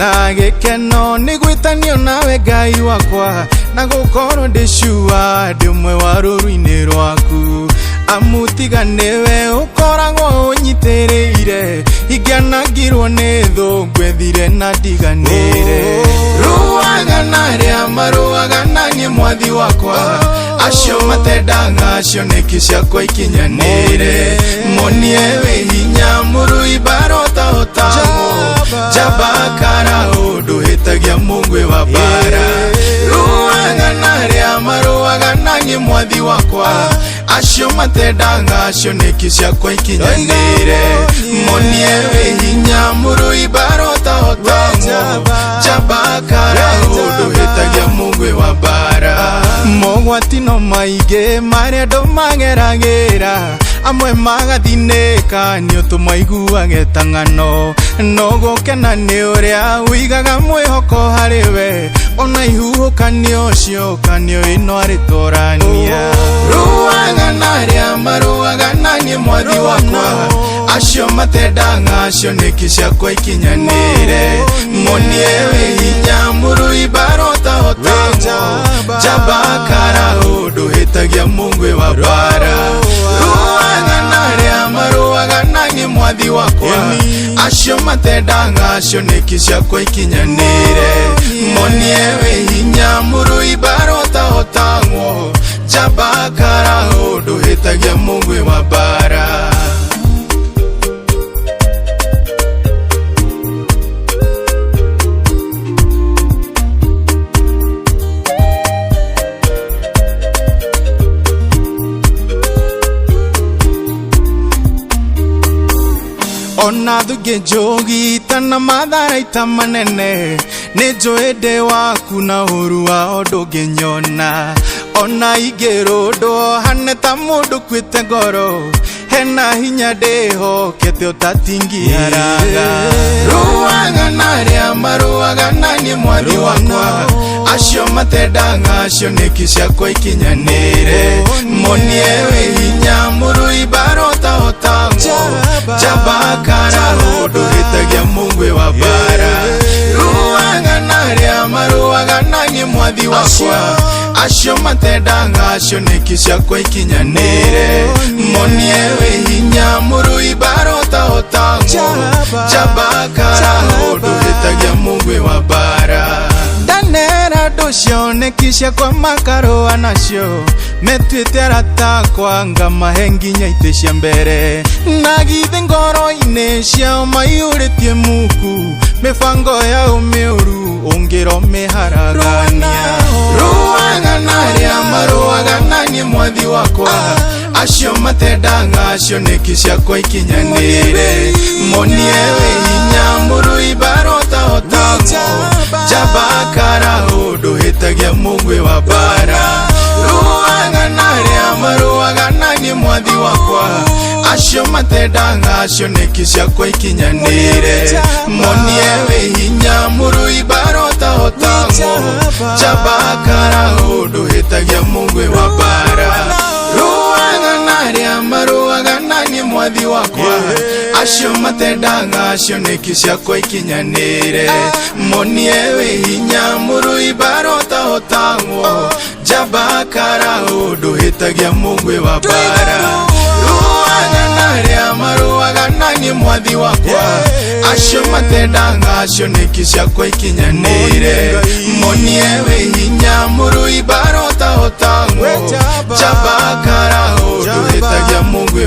na gikeno nä gwätanio nawe ngai wakwa na gåkorwo ndä cua ndä mwe wa rå ruinä rwaku amutiganiwe ukoragwo unyitirire ingianangirwo ni thu ngwethire na ndiganire oh. ruaga naria maruaga nanie mwathi wakwa acio matendangacio nekisha ciakwa ikinyanire monie wi hinya murui barota utamo jaba kara undu hitagia mungwi wa bara ruaga na ria maruaga nangi mwathi wakwa gasho mateda ngasho nekisha kwa ikinyanyire monie wihinya muru ibarotaho tamu chabakara uduhitagia mungwe wa bara mogwatino maige maria andu mageragira amwe maga dineka nyoto maigu wangetangano Nogo kena neorea uigaga mwe hoko harewe we ona ihuhũkanio ciohukanio ino arĩ tũrania rũagana rĩa marũaga naniĩ mwathi wakwa acio matendanga acio nĩki ciakwa ikinyanĩre monie wĩ hinya mũrui mbara ũtahotanwo njamba kara ũndũ hĩtagia mũngwĩ wa mbara sho matendang'asho nĩkĩ ciakwa ikinyanĩire monie wĩ hinya mũrũi mbara ũtahotang'wo njamba kara ũndũ hĩtagia mũgwĩ wa mbara madhuge jogi tana madhara itamanene nejo ede waku na huru wa odoge nyona ona igero do hane tamudu kwite goro hena hinya deho kete otatingi haraga ruwaga nare amaruwaga nani mwadi wakwa asio matedanga asio nekisha kwa ikinyanire monyewe hinya muru ibaro changu chabakara rundu ritagia mungu wabara ruangana ria mwathi wakwa acio matendanga acio niki ciakwa monie hinya mũrui barotao tangu chabakara rundu wabara ndanera ndu cioneki ciakwa makarũa nacio metwite aratakwa nga mahengi nyaite cia mbere na githe ngoro-inĩ ciao maiyũrĩtie muku mĩbango yao mĩũru ũngĩro mĩharagania rũagana arĩa marũagana niĩ mwathi wakwa acio matendanga acio nĩki ciakwa ikinyanĩre monie wĩ hinya mũrui barotahotamo njamba kara ũndũ hĩtagia mũgwĩ wa bara wakwa acio matendanga acio niki ciakwa ikinyanire monie wi hinya murui barotahotamo kara undu hitagia mungwi wa bara ruagana ria maruaga nani mwathi wakwa acio matendanga acio niki ciakwa ikinyanire monie wi hinya murui barotahotamo jabakara undu hitagia mungwi wa bara mwathi wakwa acio matedangacio niki ciakwa ikinyanĩire monie wĩ hinya murui jaba jabakaraho nduhitagia mungu